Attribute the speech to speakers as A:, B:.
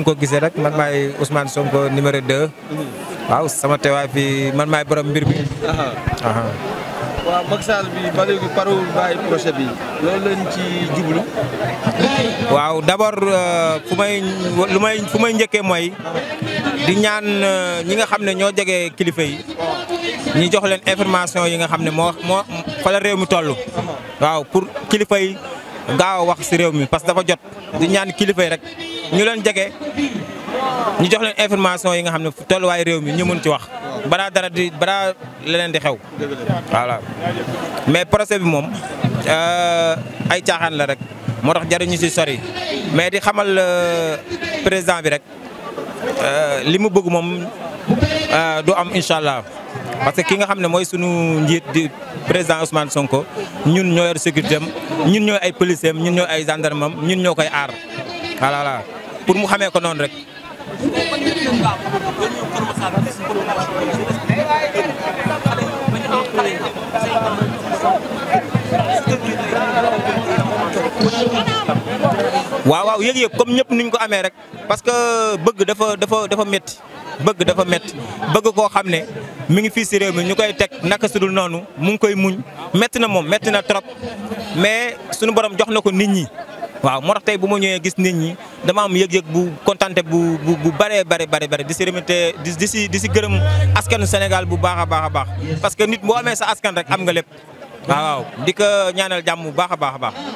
A: nu ko gisee rek man maay Ousmane Sonko numéro 2. waaw sama teewaay fi man maay borom mbir bi. waaw Macky Sall bi ba léegi parewul bàyyi projet bi loolu lañ ci jublu. waaw d'abord euh, fu may lu may fu may njëkkee di ñaan euh, ñi nga xam ne ñoo jege kilifa yi ñi jox leen information yi nga xam ne fa la réew mi toll. waaw pour kilifa yi. gaaw wax si réew mi parce que dafa jot di ñaan kilifay rek ñu leen jege ñu jox leen information yi nga xam ne tolluwaay réew mi ñu mun ci wax balaa dara di balaa leneen di xew mais procès bi moom euh, ay caaxaan la rek moo tax jariñu si sori mais di xamal euh, président bi rek euh, li mu bëgg moom Euh, du am incha allah parce que ki nga xam ne mooy sunu njiit di président Ousmane Sonko ñun ñoo yor ñun ñooy ay policiers am ñun ñooy ay gendarme am ñun ñoo koy aar voilà pour mu xamee ko noonu rek. waaw waaw yëg-yëg comme ñëpp nuñ ko amee rek parce que bëgg dafa dafa dafa métti. bëgg dafa métti bëgg koo xam ne mu ngi fii si réew mi ñu koy teg naka sudul noonu mu ngi koy muñ métti na moom métti na trop mais suñu borom jox na ko nit ñi waaw moo tax tey bu ma ñëwee gis nit ñi dama am yëg-yëg bu kontante bu bu bu bëree bëri bëri bëri di si remercier di si di si gërëm askanu Sénégal bu baax a baax a baax parce que nit boo amee sa askan rek am nga lépp waaw di ko ñaanal jàmm bu baax a baax a baax.